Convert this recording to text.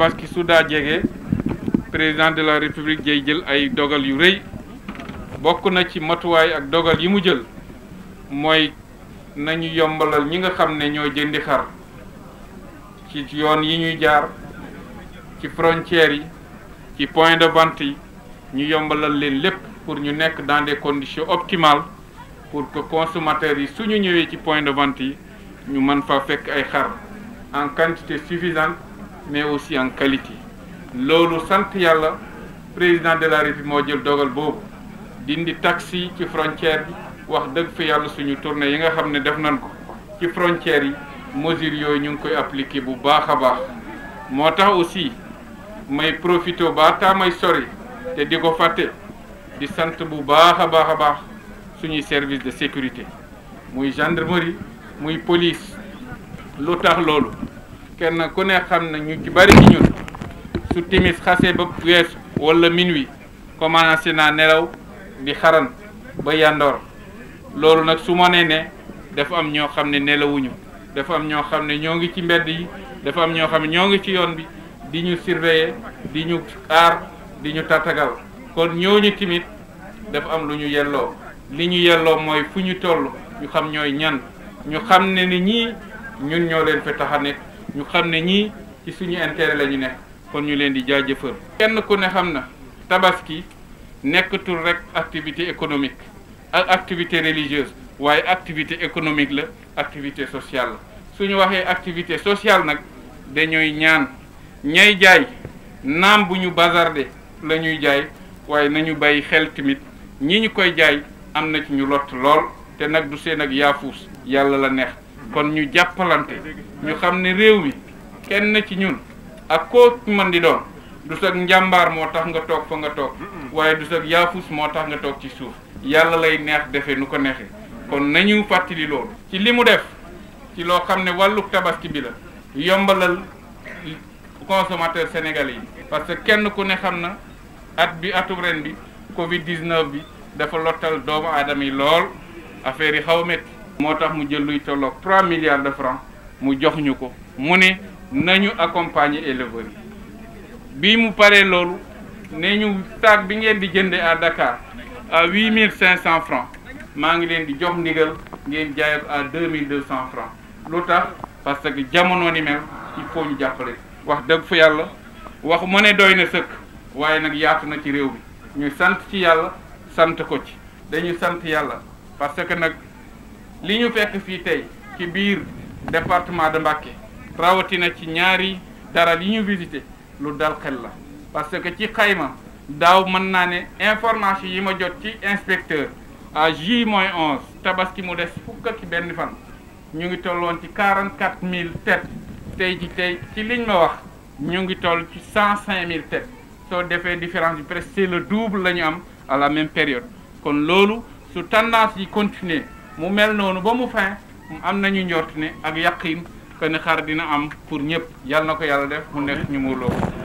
tabaski su daa jege président de la république jay jël ay dogal yu rëy bokk na ci matuwaay ak dogal yi mu jël mooy nañu yombalal ñi nga xam ne ñoo jëndi xar ci yoon yi ñuy jaar ci frontières yi ci point de vente yi ñu yombalal leen lépp pour ñu nekk dans des conditions optimales pour que consommateurs yi suñu ñëwee ci point de vente yi ñu mën fa fekk ay xar en quantité suffisante mais aussi en qualité loolu sant yàlla président de la République moo jël dogal boobu dindi taxi ci frontière bi wax dëgg fi yàlla suñu tournée yi nga xam ne def nañ ko ci frontière yi mesures yooyu ñu ngi koy appliquer bu baax a baax moo tax aussi may profité ba taa may sori te di ko fàtte di sant bu baax a baax a baax suñuy service de sécurité muy gendarmerie muy police lu tax loolu kenn ku ne xam na ñu ci bari ci ñun su timis xase ba weesu walla minuit commencé naa nelaw di xaran ba yandoor loolu nag su ma nee ne dafa am ñoo xam ne nelawuñu dafa am ñoo xam ne ñoo ngi ci mbedd yi dafa am ñoo xam ne ñoo ngi ci yoon bi di ñu surveiller di ñu aar di ñu tàttagal kon ñooñu timit dafa am lu ñu yelloo li ñu yelloo mooy fu ñu tollu ñu xam ñooy ñan ñu xam ne ni ñii ñun ñoo leen fi tax a nekk ñu xam ne ñii ci suñu intérêt la ñu nekk kon ñu leen di jëfal kenn ku ne xam na tabaski nekkatul rek activité économique ak activité religieuse waaye activité économique la activité sociale la su ñu waxee activité sociale nag dañooy ñaan ñay jaay naam bu ñu bazarde la ñuy jaay waaye nañu bàyyi xel tamit ñi ñu koy jaay am na ci ñu lott lool te nag du seen ak yaafuus yàlla la neex. kon ñu jàppalante ñu xam ne réew mi kenn ci ñun ak koo mën di doon du sag njàmbaar moo tax nga toog fa nga toog waaye du sag yaafus moo tax nga toog ci suuf yàlla lay neex defee nu ko neexee kon nañu fàttali loolu ci li mu def ci loo xam ne wàlluk tabaski bi la yombalal consommateur sénégal yi parce que kenn ku ne xam na at bi atu ren bi covid 19 bi dafa lottal doomu aadama yi lool affaire yi xaw a métti moo tax mu jël luy tolloog 3 milliards de francs mu jox ñu ko mu ne nañu accompagner éleveurs yi bi mu paree loolu ne ñu saag bi ngeen di jëndee à Dakar à 8500 francs maa ngi leen di jox ndigal ngeen jaayab à 2200 francs lu tax parce que jamono ni mel il faut ñu jàppale wax dëgg fa yàlla wax mu ne doy na sëkk waaye nag yaatu na ci réew mi ñu sant ci yàlla sant ko ci dañu sant yàlla parce nag li ñu fekk fii tey ci biir departement de Mbacké rawatina ci ñaari dara li ñu visité lu dal la parce que ci xayma daaw mën naa ne information yi ma jot ci inspecteur à J moins onze tabaski mu des fukk benn fan ñu ngi tolloon ci quarante quatre mille têtes tey ci tey ci liñ ma wax ñu ngi toll ci cent cinq mille têtes soo defee différence bi presque c'est le double la ñu am à la même période kon loolu su tendance yi continuer mu mel noonu ba mu fin am nañu njort ne ak yaqin que ne xar dina am pour ñëpp yàlla na ko yàlla def mu nekk ñu muurloo